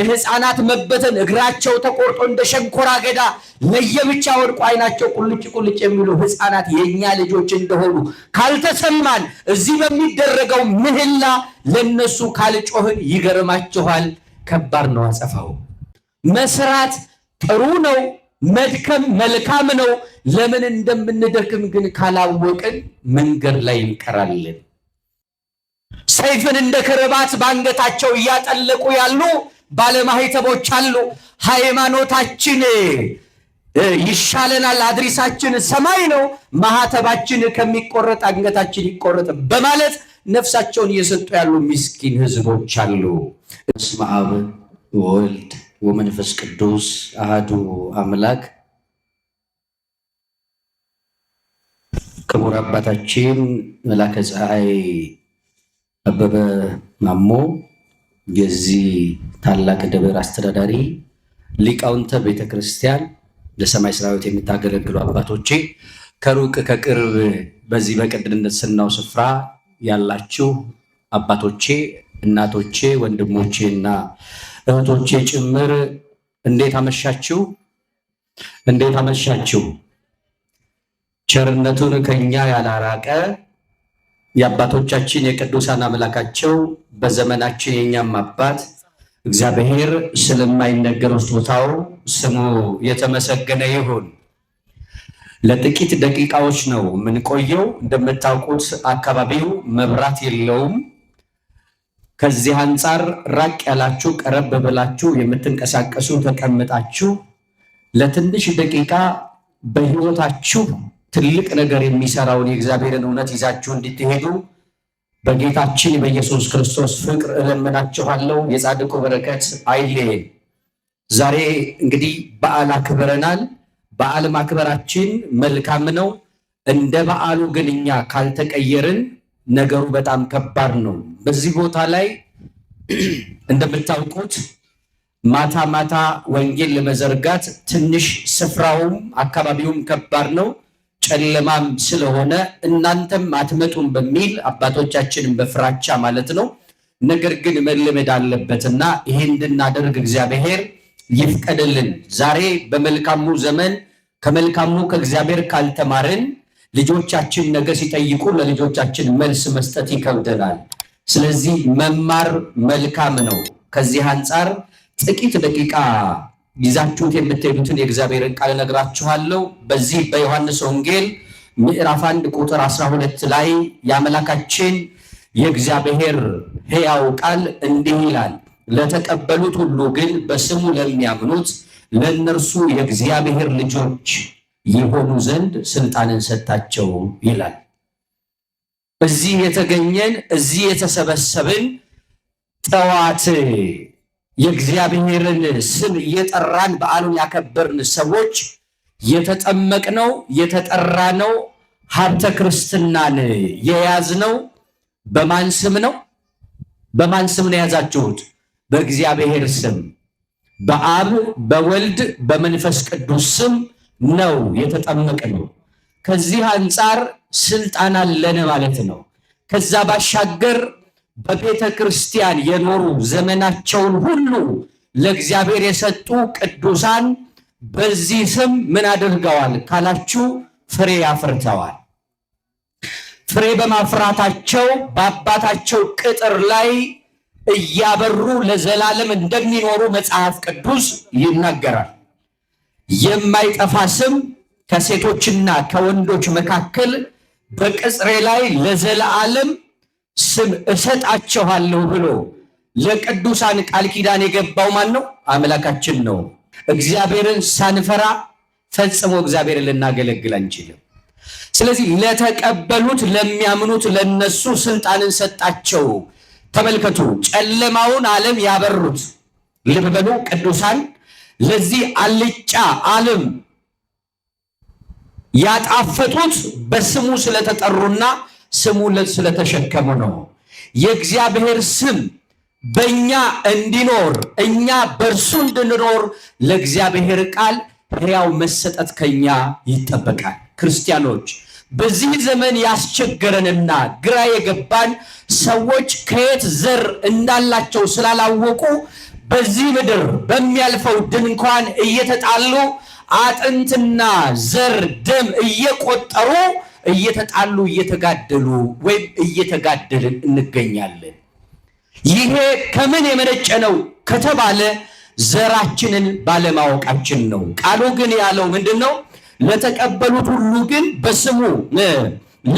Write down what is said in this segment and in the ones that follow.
የህፃናት መበተን እግራቸው ተቆርጦ እንደ ሸንኮራ አገዳ ለየብቻ ወድቆ አይናቸው ቁልጭ ቁልጭ የሚሉ ህፃናት የእኛ ልጆች እንደሆኑ ካልተሰማን፣ እዚህ በሚደረገው ምህላ ለነሱ ካልጮህን ይገርማችኋል፣ ከባድ ነው አጸፋው። መስራት ጥሩ ነው፣ መድከም መልካም ነው። ለምን እንደምንደክም ግን ካላወቅን መንገድ ላይ እንቀራለን። ሰይፍን እንደ ክርባት በአንገታቸው እያጠለቁ ያሉ ባለማህተቦች አሉ። ሃይማኖታችን ይሻለናል፣ አድሪሳችን ሰማይ ነው፣ ማህተባችን ከሚቆረጥ አንገታችን ይቆረጥ በማለት ነፍሳቸውን እየሰጡ ያሉ ምስኪን ህዝቦች አሉ። በስመ አብ ወወልድ ወመንፈስ ቅዱስ አህዱ አምላክ ክቡር አባታችን መላከ ፀሐይ አበበ ማሞ የዚህ ታላቅ ደብር አስተዳዳሪ ሊቃውንተ ቤተክርስቲያን ለሰማይ ሰራዊት የምታገለግሉ አባቶቼ ከሩቅ ከቅርብ በዚህ በቅድነት ስናው ስፍራ ያላችሁ አባቶቼ፣ እናቶቼ፣ ወንድሞቼ እና እህቶቼ ጭምር እንዴት አመሻችሁ? እንዴት አመሻችሁ? ቸርነቱን ከኛ ያላራቀ የአባቶቻችን የቅዱሳን አምላካቸው በዘመናችን የእኛም አባት እግዚአብሔር ስለማይነገር ስጦታው ስሙ የተመሰገነ ይሁን። ለጥቂት ደቂቃዎች ነው የምንቆየው። እንደምታውቁት አካባቢው መብራት የለውም። ከዚህ አንጻር ራቅ ያላችሁ ቀረብ ብላችሁ የምትንቀሳቀሱ ተቀምጣችሁ ለትንሽ ደቂቃ በሕይወታችሁ ትልቅ ነገር የሚሰራውን የእግዚአብሔርን እውነት ይዛችሁ እንድትሄዱ በጌታችን በኢየሱስ ክርስቶስ ፍቅር እለምናችኋለሁ። የጻድቁ በረከት አይለየን። ዛሬ እንግዲህ በዓል አክብረናል። በዓል ማክበራችን መልካም ነው። እንደ በዓሉ ግን እኛ ካልተቀየርን ነገሩ በጣም ከባድ ነው። በዚህ ቦታ ላይ እንደምታውቁት ማታ ማታ ወንጌል ለመዘርጋት ትንሽ ስፍራውም አካባቢውም ከባድ ነው። ጨለማም ስለሆነ እናንተም አትመጡም በሚል አባቶቻችንን በፍራቻ ማለት ነው። ነገር ግን መለመድ አለበትና ይሄ እንድናደርግ እግዚአብሔር ይፍቀድልን። ዛሬ በመልካሙ ዘመን ከመልካሙ ከእግዚአብሔር ካልተማርን ልጆቻችን ነገ ሲጠይቁ ለልጆቻችን መልስ መስጠት ይከብደናል። ስለዚህ መማር መልካም ነው። ከዚህ አንጻር ጥቂት ደቂቃ ይዛችሁት የምትሄዱትን የእግዚአብሔርን ቃል እነግራችኋለሁ። በዚህ በዮሐንስ ወንጌል ምዕራፍ አንድ ቁጥር 12 ላይ የአምላካችን የእግዚአብሔር ሕያው ቃል እንዲህ ይላል፣ ለተቀበሉት ሁሉ ግን በስሙ ለሚያምኑት ለእነርሱ የእግዚአብሔር ልጆች የሆኑ ዘንድ ስልጣንን ሰጣቸው ይላል። እዚህ የተገኘን እዚህ የተሰበሰብን ጠዋት የእግዚአብሔርን ስም እየጠራን በዓሉን ያከበርን ሰዎች የተጠመቅነው የተጠራነው ሀብተ ክርስትናን የያዝነው በማን ስም ነው? በማን ስም ነው የያዛችሁት? በእግዚአብሔር ስም በአብ በወልድ በመንፈስ ቅዱስ ስም ነው የተጠመቅነው። ከዚህ አንጻር ስልጣን አለን ማለት ነው። ከዛ ባሻገር በቤተ ክርስቲያን የኖሩ ዘመናቸውን ሁሉ ለእግዚአብሔር የሰጡ ቅዱሳን በዚህ ስም ምን አድርገዋል ካላችሁ ፍሬ አፍርተዋል። ፍሬ በማፍራታቸው በአባታቸው ቅጥር ላይ እያበሩ ለዘላለም እንደሚኖሩ መጽሐፍ ቅዱስ ይናገራል። የማይጠፋ ስም ከሴቶችና ከወንዶች መካከል በቅጽሬ ላይ ለዘላለም ስም እሰጣቸዋለሁ ብሎ ለቅዱሳን ቃል ኪዳን የገባው ማን ነው? አምላካችን ነው። እግዚአብሔርን ሳንፈራ ፈጽሞ እግዚአብሔርን ልናገለግል አንችልም። ስለዚህ ለተቀበሉት ለሚያምኑት ለነሱ ስልጣንን ሰጣቸው። ተመልከቱ፣ ጨለማውን ዓለም ያበሩት ልብ በሉ ቅዱሳን ለዚህ አልጫ ዓለም ያጣፈጡት በስሙ ስለተጠሩና ስሙ ስለተሸከሙ ነው። የእግዚአብሔር ስም በእኛ እንዲኖር እኛ በእርሱ እንድንኖር ለእግዚአብሔር ቃል ሕያው መሰጠት ከኛ ይጠበቃል። ክርስቲያኖች በዚህ ዘመን ያስቸገረንና ግራ የገባን ሰዎች ከየት ዘር እንዳላቸው ስላላወቁ በዚህ ምድር በሚያልፈው ድንኳን እየተጣሉ አጥንትና ዘር ደም እየቆጠሩ እየተጣሉ እየተጋደሉ ወይም እየተጋደልን እንገኛለን። ይሄ ከምን የመነጨ ነው ከተባለ ዘራችንን ባለማወቃችን ነው። ቃሉ ግን ያለው ምንድን ነው? ለተቀበሉት ሁሉ ግን በስሙ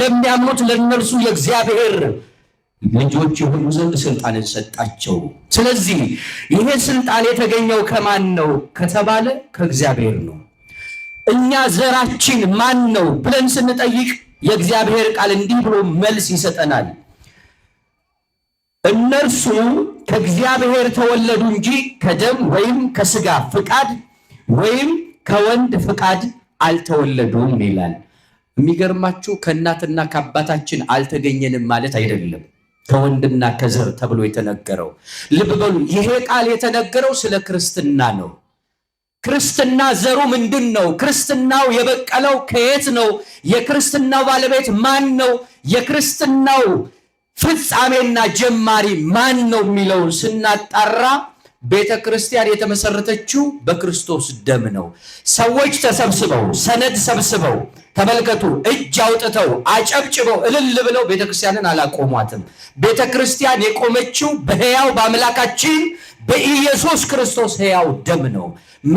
ለሚያምኑት ለእነርሱ የእግዚአብሔር ልጆች የሆኑ ዘንድ ስልጣንን ሰጣቸው። ስለዚህ ይሄ ስልጣን የተገኘው ከማን ነው ከተባለ ከእግዚአብሔር ነው። እኛ ዘራችን ማን ነው ብለን ስንጠይቅ የእግዚአብሔር ቃል እንዲህ ብሎ መልስ ይሰጠናል። እነርሱ ከእግዚአብሔር ተወለዱ እንጂ ከደም ወይም ከስጋ ፍቃድ ወይም ከወንድ ፍቃድ አልተወለዱም ይላል። የሚገርማችሁ ከእናትና ከአባታችን አልተገኘንም ማለት አይደለም ከወንድና ከዘር ተብሎ የተነገረው ልብ በሉ። ይሄ ቃል የተነገረው ስለ ክርስትና ነው። ክርስትና ዘሩ ምንድን ነው? ክርስትናው የበቀለው ከየት ነው? የክርስትናው ባለቤት ማን ነው? የክርስትናው ፍጻሜና ጀማሪ ማን ነው የሚለውን ስናጣራ ቤተ ክርስቲያን የተመሰረተችው በክርስቶስ ደም ነው። ሰዎች ተሰብስበው ሰነድ ሰብስበው ተመልከቱ፣ እጅ አውጥተው አጨብጭበው እልል ብለው ቤተ ክርስቲያንን አላቆሟትም። ቤተ ክርስቲያን የቆመችው በሕያው በአምላካችን በኢየሱስ ክርስቶስ ሕያው ደም ነው።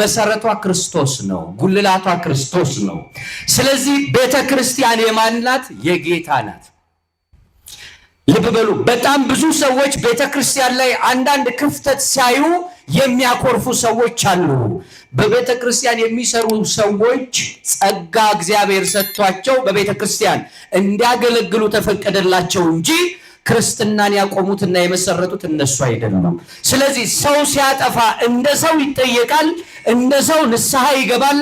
መሰረቷ ክርስቶስ ነው። ጉልላቷ ክርስቶስ ነው። ስለዚህ ቤተ ክርስቲያን የማን ናት? የጌታ ናት። ልብ በሉ። በጣም ብዙ ሰዎች ቤተ ክርስቲያን ላይ አንዳንድ ክፍተት ሲያዩ የሚያኮርፉ ሰዎች አሉ። በቤተ ክርስቲያን የሚሰሩ ሰዎች ጸጋ እግዚአብሔር ሰጥቷቸው በቤተ ክርስቲያን እንዲያገለግሉ ተፈቀደላቸው እንጂ ክርስትናን ያቆሙትና የመሰረቱት እነሱ አይደለም። ስለዚህ ሰው ሲያጠፋ እንደ ሰው ይጠየቃል፣ እንደ ሰው ንስሐ ይገባል፣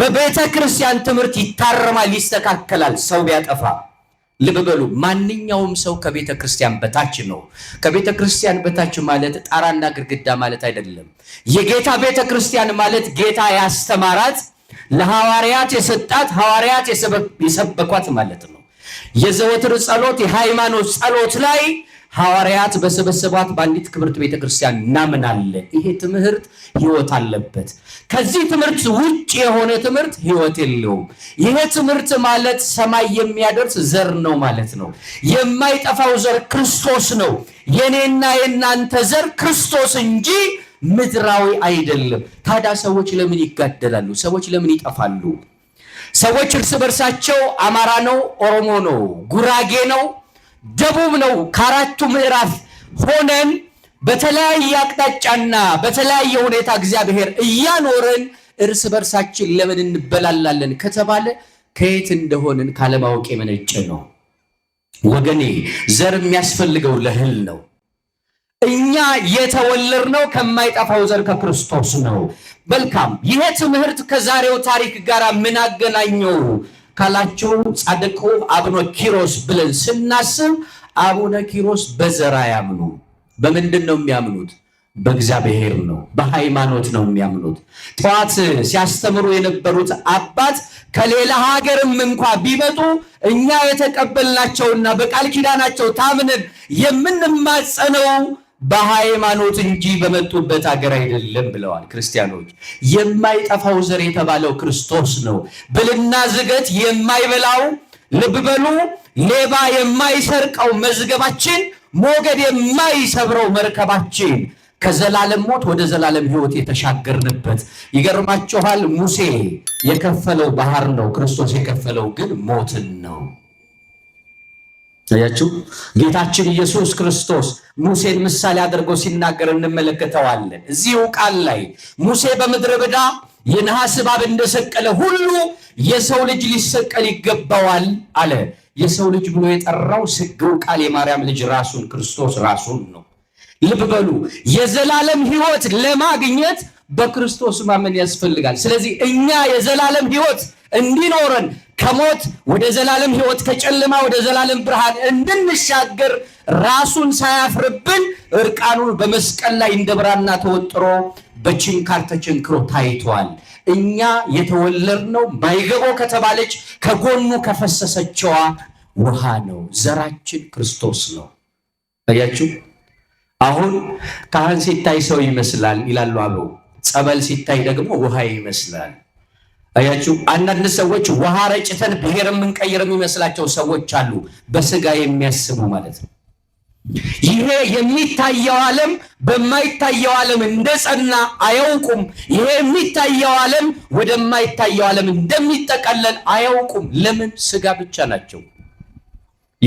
በቤተ ክርስቲያን ትምህርት ይታረማል፣ ይስተካከላል ሰው ቢያጠፋ ልብ በሉ፣ ማንኛውም ሰው ከቤተ ክርስቲያን በታች ነው። ከቤተ ክርስቲያን በታች ማለት ጣራና ግድግዳ ማለት አይደለም። የጌታ ቤተ ክርስቲያን ማለት ጌታ ያስተማራት ለሐዋርያት የሰጣት ሐዋርያት የሰበኳት ማለት ነው። የዘወትር ጸሎት፣ የሃይማኖት ጸሎት ላይ ሐዋርያት በሰበሰቧት በአንዲት ክብርት ቤተክርስቲያን እናምናለን። ይሄ ትምህርት ህይወት አለበት። ከዚህ ትምህርት ውጭ የሆነ ትምህርት ህይወት የለውም። ይሄ ትምህርት ማለት ሰማይ የሚያደርስ ዘር ነው ማለት ነው። የማይጠፋው ዘር ክርስቶስ ነው። የኔና የእናንተ ዘር ክርስቶስ እንጂ ምድራዊ አይደለም። ታዲያ ሰዎች ለምን ይጋደላሉ? ሰዎች ለምን ይጠፋሉ? ሰዎች እርስ በርሳቸው አማራ ነው፣ ኦሮሞ ነው፣ ጉራጌ ነው ደቡብ ነው። ከአራቱ ምዕራፍ ሆነን በተለያየ አቅጣጫና በተለያየ ሁኔታ እግዚአብሔር እያኖረን እርስ በርሳችን ለምን እንበላላለን ከተባለ ከየት እንደሆንን ካለማወቅ የመነጨ ነው። ወገኔ ዘር የሚያስፈልገው ለእህል ነው። እኛ የተወለድነው ከማይጠፋው ዘር ከክርስቶስ ነው። መልካም። ይሄ ትምህርት ከዛሬው ታሪክ ጋር ምን አገናኘው? ካላቸው ጻድቁ አቡነ ኪሮስ ብለን ስናስብ አቡነ ኪሮስ በዘራ ያምኑ በምንድን ነው የሚያምኑት? በእግዚአብሔር ነው፣ በሃይማኖት ነው የሚያምኑት። ጠዋት ሲያስተምሩ የነበሩት አባት ከሌላ ሀገርም እንኳ ቢመጡ እኛ የተቀበልናቸውና በቃል ኪዳናቸው ታምንን የምንማጸነው በሃይማኖት እንጂ በመጡበት ሀገር አይደለም ብለዋል። ክርስቲያኖች የማይጠፋው ዘር የተባለው ክርስቶስ ነው። ብልና ዝገት የማይበላው ልብ በሉ፣ ሌባ የማይሰርቀው መዝገባችን፣ ሞገድ የማይሰብረው መርከባችን ከዘላለም ሞት ወደ ዘላለም ሕይወት የተሻገርንበት። ይገርማችኋል፣ ሙሴ የከፈለው ባህር ነው፣ ክርስቶስ የከፈለው ግን ሞትን ነው። ታያችሁ። ጌታችን ኢየሱስ ክርስቶስ ሙሴን ምሳሌ አድርጎ ሲናገር እንመለከተዋለን። እዚሁ ቃል ላይ ሙሴ በምድረ በዳ የነሐስ እባብ እንደሰቀለ ሁሉ የሰው ልጅ ሊሰቀል ይገባዋል አለ። የሰው ልጅ ብሎ የጠራው ስግው ቃል የማርያም ልጅ ራሱን ክርስቶስ ራሱን ነው። ልብ በሉ፣ የዘላለም ሕይወት ለማግኘት በክርስቶስ ማመን ያስፈልጋል። ስለዚህ እኛ የዘላለም ሕይወት እንዲኖረን ከሞት ወደ ዘላለም ህይወት ከጨለማ ወደ ዘላለም ብርሃን እንድንሻገር ራሱን ሳያፍርብን እርቃኑን በመስቀል ላይ እንደ ብራና ተወጥሮ በችንካር ተቸንክሮ ታይቷል። እኛ የተወለድነው ማይገቦ ከተባለች ከጎኑ ከፈሰሰችዋ ውሃ ነው። ዘራችን ክርስቶስ ነው። አያችሁ፣ አሁን ካህን ሲታይ ሰው ይመስላል ይላሉ አበው። ጸበል ሲታይ ደግሞ ውሃ ይመስላል። አያችሁ አንዳንድ ሰዎች ውሃ ረጭተን ብሔር የምንቀይር የሚመስላቸው ሰዎች አሉ፣ በስጋ የሚያስቡ ማለት ነው። ይሄ የሚታየው ዓለም በማይታየው ዓለም እንደጸና አያውቁም። ይሄ የሚታየው ዓለም ወደማይታየው ዓለም እንደሚጠቀለል አያውቁም። ለምን? ስጋ ብቻ ናቸው።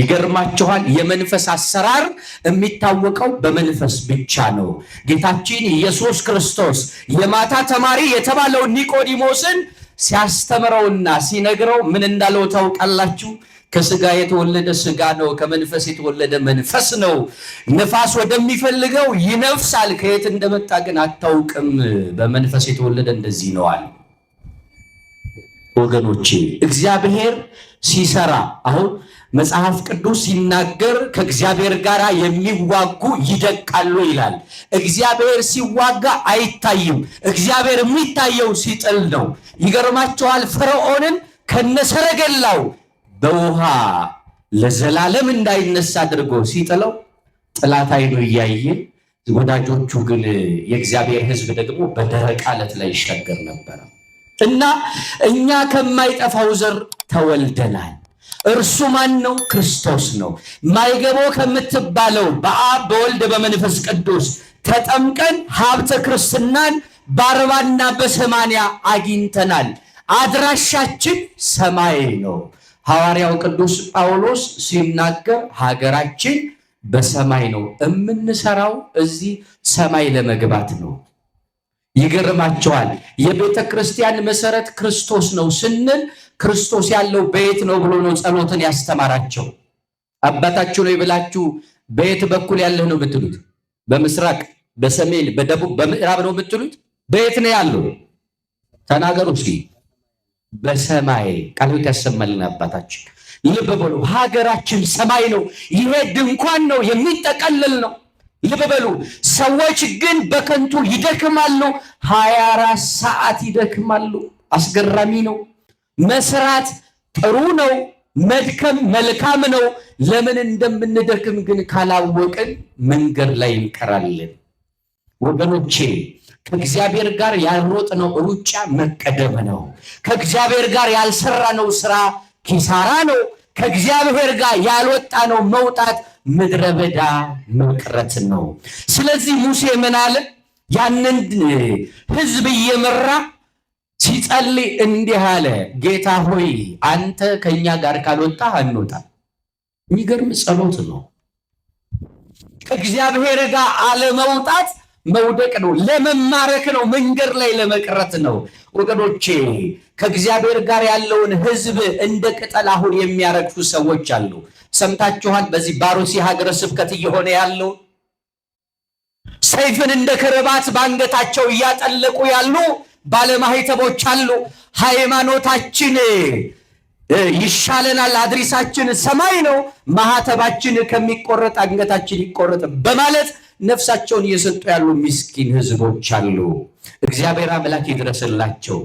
ይገርማችኋል። የመንፈስ አሰራር የሚታወቀው በመንፈስ ብቻ ነው። ጌታችን ኢየሱስ ክርስቶስ የማታ ተማሪ የተባለው ኒቆዲሞስን ሲያስተምረውና ሲነግረው ምን እንዳለው ታውቃላችሁ? ከስጋ የተወለደ ስጋ ነው፣ ከመንፈስ የተወለደ መንፈስ ነው። ንፋስ ወደሚፈልገው ይነፍሳል፣ ከየት እንደመጣ ግን አታውቅም። በመንፈስ የተወለደ እንደዚህ ነዋል። ወገኖቼ እግዚአብሔር ሲሰራ አሁን መጽሐፍ ቅዱስ ሲናገር ከእግዚአብሔር ጋር የሚዋጉ ይደቃሉ ይላል። እግዚአብሔር ሲዋጋ አይታይም። እግዚአብሔር የሚታየው ሲጥል ነው። ይገርማቸዋል። ፈርዖንን ከነሰረገላው በውሃ ለዘላለም እንዳይነሳ አድርጎ ሲጥለው ጥላት አይኑ እያየ ወዳጆቹ ግን የእግዚአብሔር ሕዝብ ደግሞ በደረቅ አለት ላይ ይሻገር ነበረ እና እኛ ከማይጠፋው ዘር ተወልደናል። እርሱ ማን ነው? ክርስቶስ ነው። ማይገቦ ከምትባለው በአብ በወልድ በመንፈስ ቅዱስ ተጠምቀን ሀብተ ክርስትናን በአርባና በሰማንያ አግኝተናል። አድራሻችን ሰማይ ነው። ሐዋርያው ቅዱስ ጳውሎስ ሲናገር ሀገራችን በሰማይ ነው፣ የምንሰራው እዚህ ሰማይ ለመግባት ነው። ይገርማቸዋል። የቤተ ክርስቲያን መሰረት ክርስቶስ ነው ስንል ክርስቶስ ያለው በየት ነው ብሎ ነው ጸሎትን ያስተማራቸው። አባታችሁ ነው ብላችሁ በየት በኩል ያለህ ነው ብትሉት፣ በምስራቅ፣ በሰሜን፣ በደቡብ፣ በምዕራብ ነው ብትሉት፣ በየት ነው ያለው? ተናገሩ እስኪ። በሰማይ ቃልት ያሰማልን አባታችን። ልብ በሉ ሀገራችን ሰማይ ነው። ይሄ ድንኳን ነው የሚጠቀልል ነው። ልብ በሉ ሰዎች ግን በከንቱ ይደክማሉ። ሀያ አራት ሰዓት ይደክማሉ። አስገራሚ ነው። መስራት ጥሩ ነው፣ መድከም መልካም ነው። ለምን እንደምንደክም ግን ካላወቅን መንገድ ላይ እንቀራለን። ወገኖቼ ከእግዚአብሔር ጋር ያልሮጥነው ሩጫ መቀደም ነው። ከእግዚአብሔር ጋር ያልሰራነው ስራ ኪሳራ ነው። ከእግዚአብሔር ጋር ያልወጣነው መውጣት ምድረ በዳ መቅረት ነው። ስለዚህ ሙሴ ምን አለ? ያንን ህዝብ እየመራ ሲጸልይ እንዲህ አለ፣ ጌታ ሆይ አንተ ከኛ ጋር ካልወጣ አንወጣ። የሚገርም ጸሎት ነው። ከእግዚአብሔር ጋር አለመውጣት መውደቅ ነው፣ ለመማረክ ነው፣ መንገድ ላይ ለመቅረት ነው። ወገኖቼ ከእግዚአብሔር ጋር ያለውን ሕዝብ እንደ ቅጠል አሁን የሚያረግፉ ሰዎች አሉ። ሰምታችኋል። በዚህ ባሮሲ ሀገረ ስብከት እየሆነ ያለው ሰይፍን እንደ ክርባት በአንገታቸው እያጠለቁ ያሉ ባለማህተቦች አሉ። ሃይማኖታችን ይሻለናል፣ አድሪሳችን ሰማይ ነው፣ ማህተባችን ከሚቆረጥ አንገታችን ይቆረጥ በማለት ነፍሳቸውን እየሰጡ ያሉ ምስኪን ህዝቦች አሉ። እግዚአብሔር አምላክ ይድረስላቸው።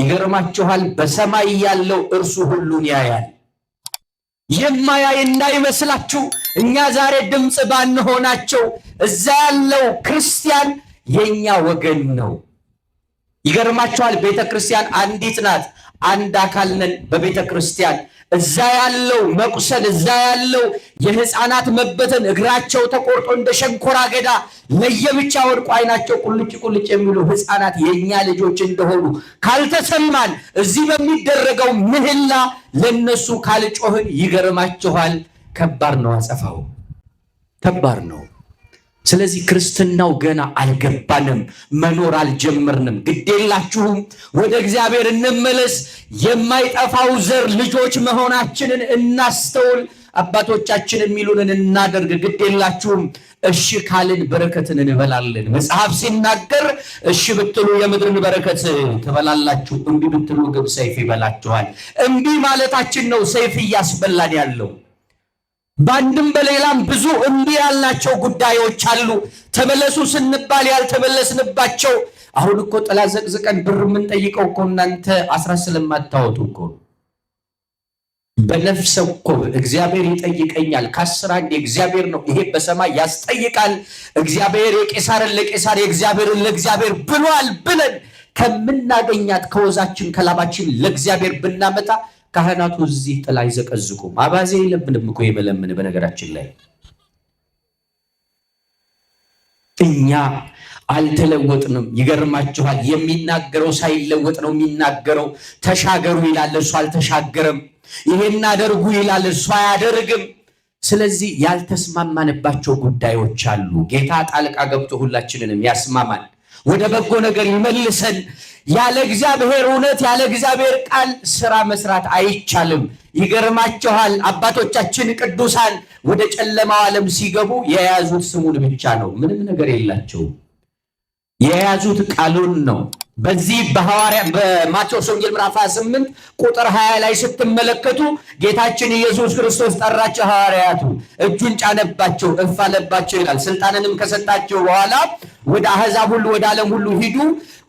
ይገርማችኋል፣ በሰማይ ያለው እርሱ ሁሉን ያያል። የማያይ እንዳይመስላችሁ። እኛ ዛሬ ድምፅ ባንሆናቸው፣ እዛ ያለው ክርስቲያን የኛ ወገን ነው። ይገርማችኋል። ቤተ ክርስቲያን አንዲት ናት። አንድ አካል ነን በቤተ ክርስቲያን። እዛ ያለው መቁሰል፣ እዛ ያለው የህፃናት መበተን፣ እግራቸው ተቆርጦ እንደ ሸንኮራ አገዳ ለየብቻ ወድቆ አይናቸው ቁልጭ ቁልጭ የሚሉ ህፃናት የእኛ ልጆች እንደሆኑ ካልተሰማን፣ እዚህ በሚደረገው ምህላ ለነሱ ካልጮህን፣ ይገርማችኋል፣ ከባድ ነው። አጸፋው ከባድ ነው። ስለዚህ ክርስትናው ገና አልገባንም፣ መኖር አልጀመርንም። ግዴላችሁም ወደ እግዚአብሔር እንመለስ፣ የማይጠፋው ዘር ልጆች መሆናችንን እናስተውል፣ አባቶቻችን የሚሉንን እናደርግ። ግዴላችሁም እሺ ካልን በረከትን እንበላለን። መጽሐፍ ሲናገር እሺ ብትሉ የምድርን በረከት ትበላላችሁ፣ እምቢ ብትሉ ግን ሰይፍ ይበላችኋል። እምቢ ማለታችን ነው ሰይፍ እያስበላን ያለው በአንድም በሌላም ብዙ እምቢ ያልናቸው ጉዳዮች አሉ። ተመለሱ ስንባል ያልተመለስንባቸው። አሁን እኮ ጥላ ዘቅዝቀን ብር የምንጠይቀው እኮ እናንተ አስራ ስለማታወጡ እኮ በነፍሰ ወከፍ እግዚአብሔር ይጠይቀኛል። ከአስር አንድ እግዚአብሔር ነው። ይሄ በሰማይ ያስጠይቃል። እግዚአብሔር የቄሳርን ለቄሳር የእግዚአብሔርን ለእግዚአብሔር ብሏል ብለን ከምናገኛት ከወዛችን ከላባችን ለእግዚአብሔር ብናመጣ ካህናቱ እዚህ ጥላ አይዘቀዝቁም። አባዜ የለብንም እኮ የመለምን በነገራችን ላይ እኛ አልተለወጥንም። ይገርማችኋል። የሚናገረው ሳይለወጥ ነው የሚናገረው። ተሻገሩ ይላል፣ እሱ አልተሻገረም። ይሄን አደርጉ ይላል፣ እሱ አያደርግም። ስለዚህ ያልተስማማንባቸው ጉዳዮች አሉ። ጌታ ጣልቃ ገብቶ ሁላችንንም ያስማማል። ወደ በጎ ነገር ይመልሰን። ያለ እግዚአብሔር እውነት፣ ያለ እግዚአብሔር ቃል ስራ መስራት አይቻልም። ይገርማችኋል፣ አባቶቻችን ቅዱሳን ወደ ጨለማው ዓለም ሲገቡ የያዙት ስሙን ብቻ ነው። ምንም ነገር የላቸውም። የያዙት ቃሉን ነው። በዚህ በሐዋርያ በማቴዎስ ወንጌል ምዕራፍ 28 ቁጥር 20 ላይ ስትመለከቱ ጌታችን ኢየሱስ ክርስቶስ ጠራቸው፣ ሐዋርያቱ እጁን ጫነባቸው፣ እፍ አለባቸው ይላል። ስልጣንንም ከሰጣቸው በኋላ ወደ አህዛብ ሁሉ ወደ ዓለም ሁሉ ሂዱ፣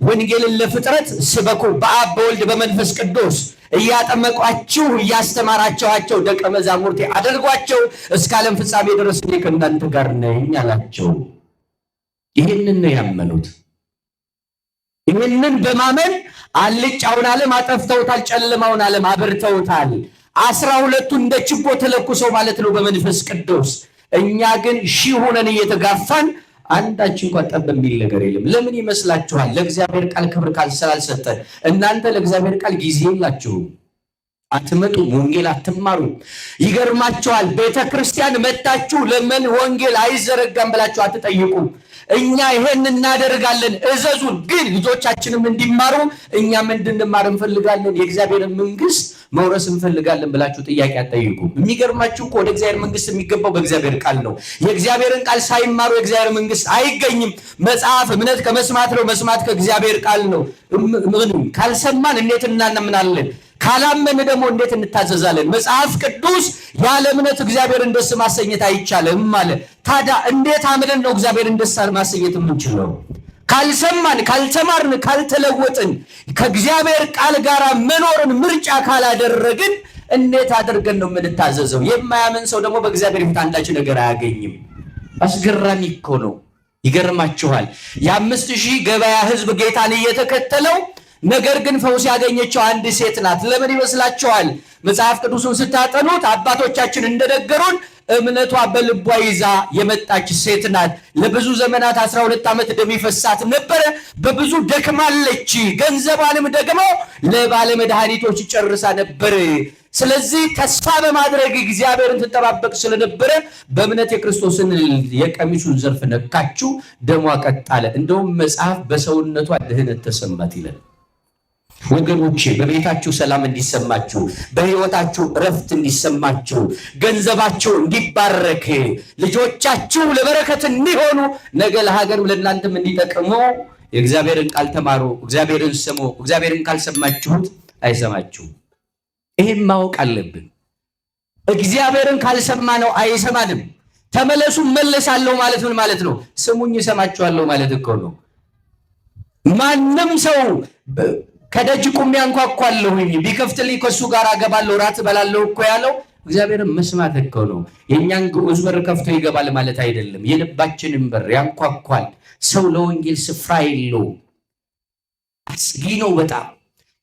ወንጌልን ለፍጥረት ስበኩ፣ በአብ በወልድ በመንፈስ ቅዱስ እያጠመቋችሁ እያስተማራችኋቸው ደቀ መዛሙርቴ አድርጓቸው፣ እስከ ዓለም ፍጻሜ ድረስ እኔ ከእናንተ ጋር ነኝ አላቸው። ይህንን ነው ያመኑት። ይህንን በማመን አልጫውን ዓለም አጠፍተውታል፣ ጨለማውን ዓለም አብርተውታል። አስራ ሁለቱ እንደ ችቦ ተለኩሰው ማለት ነው በመንፈስ ቅዱስ። እኛ ግን ሺህ ሆነን እየተጋፋን አንዳች እንኳ ጠብ የሚል ነገር የለም። ለምን ይመስላችኋል? ለእግዚአብሔር ቃል ክብር ቃል ስላልሰጠ። እናንተ ለእግዚአብሔር ቃል ጊዜ የላችሁም፣ አትመጡም፣ ወንጌል አትማሩም። ይገርማችኋል። ቤተ ክርስቲያን ለምን ወንጌል አይዘረጋም ብላችሁ አትጠይቁም። እኛ ይሄን እናደርጋለን፣ እዘዙን። ግን ልጆቻችንም እንዲማሩ እኛም እንድንማር እንፈልጋለን፣ የእግዚአብሔርን መንግስት መውረስ እንፈልጋለን ብላችሁ ጥያቄ አጠይቁ። የሚገርማችሁ እኮ ወደ እግዚአብሔር መንግስት የሚገባው በእግዚአብሔር ቃል ነው። የእግዚአብሔርን ቃል ሳይማሩ የእግዚአብሔር መንግስት አይገኝም። መጽሐፍ እምነት ከመስማት ነው፣ መስማት ከእግዚአብሔር ቃል ነው። ካልሰማን እንዴት እናምናለን? ካላመን ደግሞ እንዴት እንታዘዛለን? መጽሐፍ ቅዱስ ያለ እምነት እግዚአብሔርን ደስ ማሰኘት አይቻልም አለ። ታዲያ እንዴት አምነን ነው እግዚአብሔርን ደስ ማሰኘት የምንችለው? ካልሰማን፣ ካልተማርን፣ ካልተለወጥን ከእግዚአብሔር ቃል ጋር መኖርን ምርጫ ካላደረግን እንዴት አድርገን ነው የምንታዘዘው? የማያምን ሰው ደግሞ በእግዚአብሔር ፊት አንዳች ነገር አያገኝም። አስገራሚ እኮ ነው። ይገርማችኋል። የአምስት ሺህ ገበያ ህዝብ ጌታን እየተከተለው ነገር ግን ፈውስ ያገኘችው አንድ ሴት ናት። ለምን ይመስላችኋል? መጽሐፍ ቅዱስን ስታጠኑት አባቶቻችን እንደነገሩን እምነቷ በልቧ ይዛ የመጣች ሴት ናት። ለብዙ ዘመናት አስራ ሁለት ዓመት ደም ነበረ። በብዙ ደክማለች። ገንዘቧንም ደግሞ ለባለ መድኃኒቶች ጨርሳ ነበር። ስለዚህ ተስፋ በማድረግ እግዚአብሔርን ትጠባበቅ ስለነበረ በእምነት የክርስቶስን የቀሚሱን ዘርፍ ነካችው፣ ደሟ ቀጥ አለ። እንደውም መጽሐፍ በሰውነቷ ድህነት ተሰማት ይላል። ወገኖቼ በቤታችሁ ሰላም እንዲሰማችሁ፣ በህይወታችሁ እረፍት እንዲሰማችሁ፣ ገንዘባችሁ እንዲባረክ፣ ልጆቻችሁ ለበረከት እንዲሆኑ፣ ነገ ለሀገርም ለእናንተም እንዲጠቅሙ የእግዚአብሔርን ቃል ተማሩ፣ እግዚአብሔርን ስሙ። እግዚአብሔርን ካልሰማችሁት አይሰማችሁም። ይህም ማወቅ አለብን። እግዚአብሔርን ካልሰማ ነው አይሰማንም። ተመለሱ መለሳለሁ ማለት ምን ማለት ነው? ስሙኝ እሰማችኋለሁ ማለት እኮ ነው። ማንም ሰው ከደጅ ቁሜ አንኳኳለሁኝ ቢከፍትልኝ ከእሱ ጋር አገባለሁ ራት እበላለሁ እኮ ያለው እግዚአብሔርን መስማት እኮ ነው። የእኛን ግዑዝ በር ከፍቶ ይገባል ማለት አይደለም። የልባችንን በር ያንኳኳል። ሰው ለወንጌል ስፍራ የለውም። አስጊ ነው። በጣም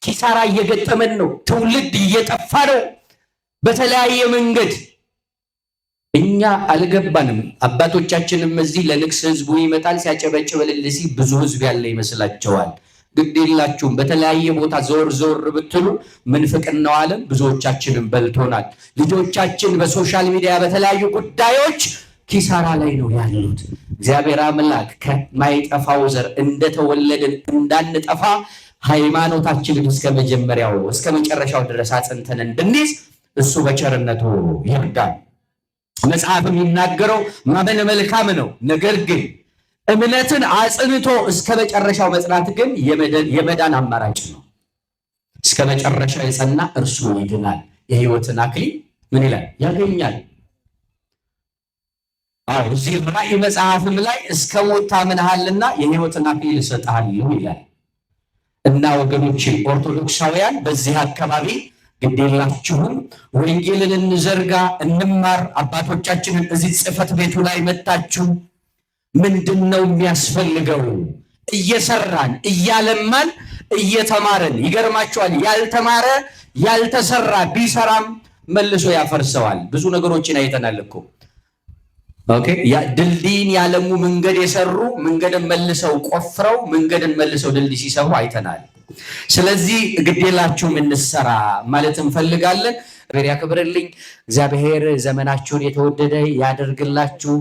ኪሳራ እየገጠመን ነው። ትውልድ እየጠፋ ነው በተለያየ መንገድ። እኛ አልገባንም። አባቶቻችንም እዚህ ለንግስ ህዝቡ ይመጣል ሲያጨበጭበልልሲ ብዙ ህዝብ ያለ ይመስላቸዋል። ግድ የላችሁም። በተለያየ ቦታ ዞር ዞር ብትሉ ምንፍቅናው ዓለም ብዙዎቻችንን በልቶናል። ልጆቻችን በሶሻል ሚዲያ በተለያዩ ጉዳዮች ኪሳራ ላይ ነው ያሉት። እግዚአብሔር አምላክ ከማይጠፋው ዘር እንደተወለድን እንዳንጠፋ ሃይማኖታችንን እስከ መጀመሪያው እስከ መጨረሻው ድረስ አጽንተን እንድንይዝ እሱ በቸርነቱ ይርዳል። መጽሐፍ የሚናገረው ማመን መልካም ነው፣ ነገር ግን እምነትን አጽንቶ እስከ መጨረሻው መጽናት ግን የመዳን አማራጭ ነው። እስከ መጨረሻው የጸና እርሱ ይድናል፣ የህይወትን አክሊ ምን ይላል ያገኛል። አዎ እዚህ ራእይ መጽሐፍም ላይ እስከ ሞት ታምንሃልና የህይወትን አክሊል እሰጥሃለሁ ይላል። እና ወገኖች ኦርቶዶክሳውያን በዚህ አካባቢ ግዴላችሁም ወንጌልን እንዘርጋ፣ እንማር። አባቶቻችንን እዚህ ጽህፈት ቤቱ ላይ መታችሁ ምንድን ነው የሚያስፈልገው? እየሰራን እያለማን እየተማረን። ይገርማቸዋል። ያልተማረ ያልተሰራ ቢሰራም መልሶ ያፈርሰዋል። ብዙ ነገሮችን አይተናል እኮ ድልድይን ያለሙ መንገድ የሰሩ መንገድን መልሰው ቆፍረው መንገድን መልሰው ድልድይ ሲሰሩ አይተናል። ስለዚህ ግዴላችሁ እንሰራ ማለት እንፈልጋለን። እግዚአብሔር ያክብርልኝ። እግዚአብሔር ዘመናችሁን የተወደደ ያደርግላችሁ።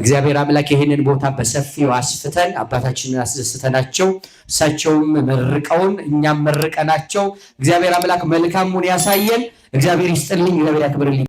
እግዚአብሔር አምላክ ይህንን ቦታ በሰፊው አስፍተን አባታችንን አስደስተናቸው እሳቸውም መርቀውን እኛም መርቀናቸው እግዚአብሔር አምላክ መልካሙን ያሳየን። እግዚአብሔር ይስጥልኝ። እግዚአብሔር ያክብርልኝ።